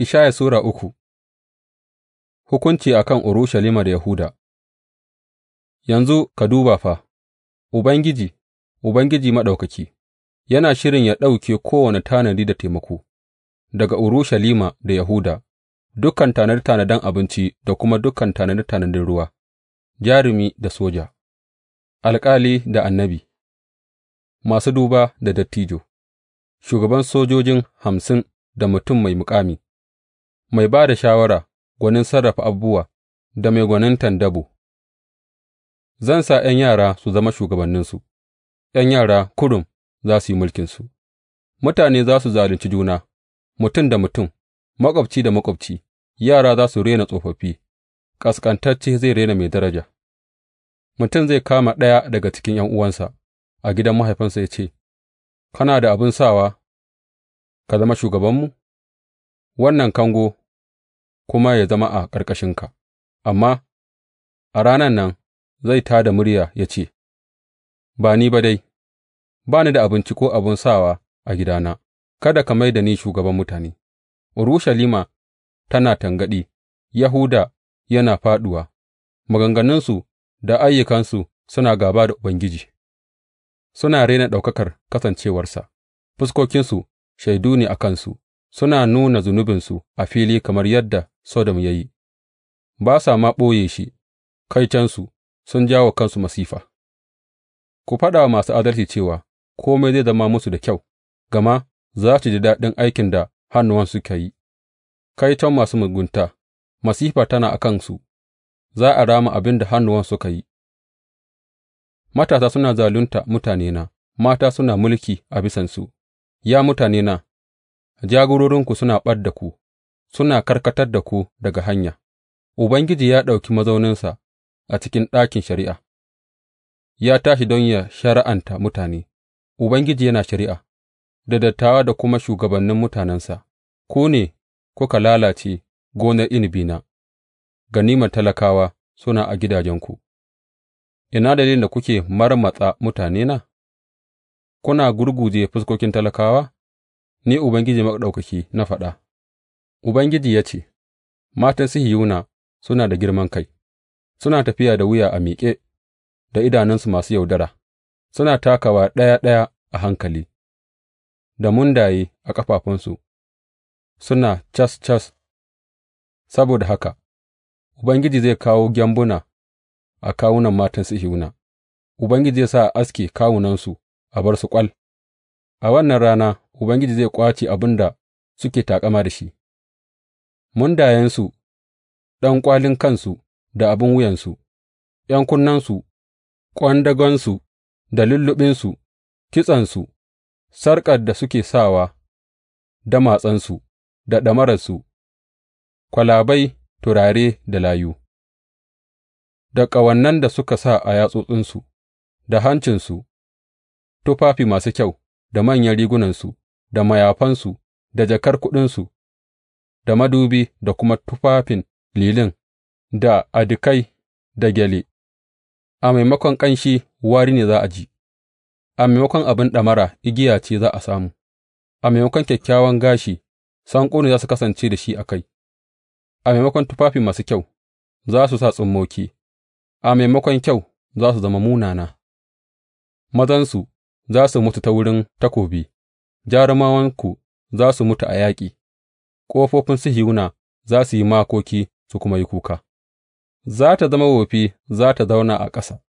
Ishaya Sura uku Hukunci a kan Urushalima da Yahuda Yanzu ka duba fa, Ubangiji, Ubangiji Maɗaukaki, yana shirin ya ɗauke kowane tanadi da taimako daga Urushalima da Yahuda, dukan tanadi tanaden abinci da kuma dukan tanadi tanadin ruwa, jarumi da soja, alƙali da annabi, masu duba da dattijo, shugaban sojojin hamsin da mutum mai muƙami. mai ba da shawara, gwanin sarrafa abubuwa, da mai gwanintan dabo, zan sa ’yan yara su zama shugabanninsu, ’yan yara kurum za su yi mulkinsu, mutane za su zalunci juna, mutum da mutum, maƙwabci da maƙwabci, yara za su rena tsofaffi, ƙasƙantacce zai rena mai daraja, mutum zai kama ɗaya daga cikin ’yan uwansa a gidan mahaifinsa ya ce, Kana da abin sawa ka zama shugabanmu? wannan kango kuma ya zama a ƙarƙashinka, amma a ranan nan zai tā da murya ya ce, Ba ni ba dai, ba ni da abinci ko abin sawa a gidana, kada ka mai da ni shugaban mutane, Urushalima tana tangaɗi, Yahuda yana faɗuwa, maganganunsu da ayyukansu suna gaba da Ubangiji, suna rena ɗaukakar kasancewarsa, fuskokinsu shaidu ne a kansu, Suna nuna zunubinsu a fili kamar yadda Sodom ya yi; ba sa ma ɓoye shi, kaitonsu, sun jawo kansu masifa Ku faɗa wa masu adalci cewa kome zai zama musu da kyau, gama za su ji daɗin aikin da hannuwansu suka yi; kaiton masu mugunta, masifa tana a kansu, za a rama abin da hannuwansu suka yi Matasa suna zalunta mutanena, mata suna mulki a bisansu; Ya mutanena! jagororinku suna ɓad da ku, suna karkatar da ku daga hanya; Ubangiji ya ɗauki mazauninsa a cikin ɗakin shari'a, ya tashi don yă shari'anta mutane, Ubangiji yana shari'a, da dattawa da kuma shugabannin mutanensa, ku ne kuka lalace gonar inabina, ganimar talakawa suna a gidajenku, ina dalilin da kuke marmatsa mutanena, kuna gurguje fuskokin talakawa? Ni Ubangiji Maɗaukaki na faɗa, Ubangiji ya ce, Matan Sihiyuna suna da girman kai, suna tafiya da wuya a miƙe, da idanunsu masu yaudara, suna takawa ɗaya ɗaya a hankali, da mundaye a ƙafafunsu, suna cas cas, saboda haka Ubangiji zai kawo gyambuna a kawunan matan Sihiyuna, Ubangiji ya sa aske kawunansu a bar su ƙwal. A wannan rana Ubangiji zai ƙwace abin da suke taƙama da shi, mundayensu, ɗan ƙwalin kansu da abin wuyansu, ’yan kunnensu, ƙwandagonsu da lulluɓinsu, kitsensu, sarƙar da suke sawa, da matsansu da ɗamararsu, kwalabai, turare da layu, da ƙawannan da suka sa a yatsotsinsu, da hancinsu, tufafi masu kyau da manyan rigunansu. da mayafansu, da jakar kuɗinsu, da madubi, da kuma tufafin lilin, da adikai, da gyale, a maimakon ƙanshi wari ne za a ji, a maimakon abin ɗamara igiya ce za a samu, a maimakon kyakkyawan gashi sanƙo ne za su kasance da shi a kai, a maimakon tufafi masu kyau za su sa tsummoki, a maimakon kyau za su zama munana, mazansu za su mutu ta wurin takobi. jarumawanku za su mutu a yaƙi, ƙofofin Sihiyona za su yi makoki su kuma yi kuka; za tă zama wofi za tă zauna a ƙasa.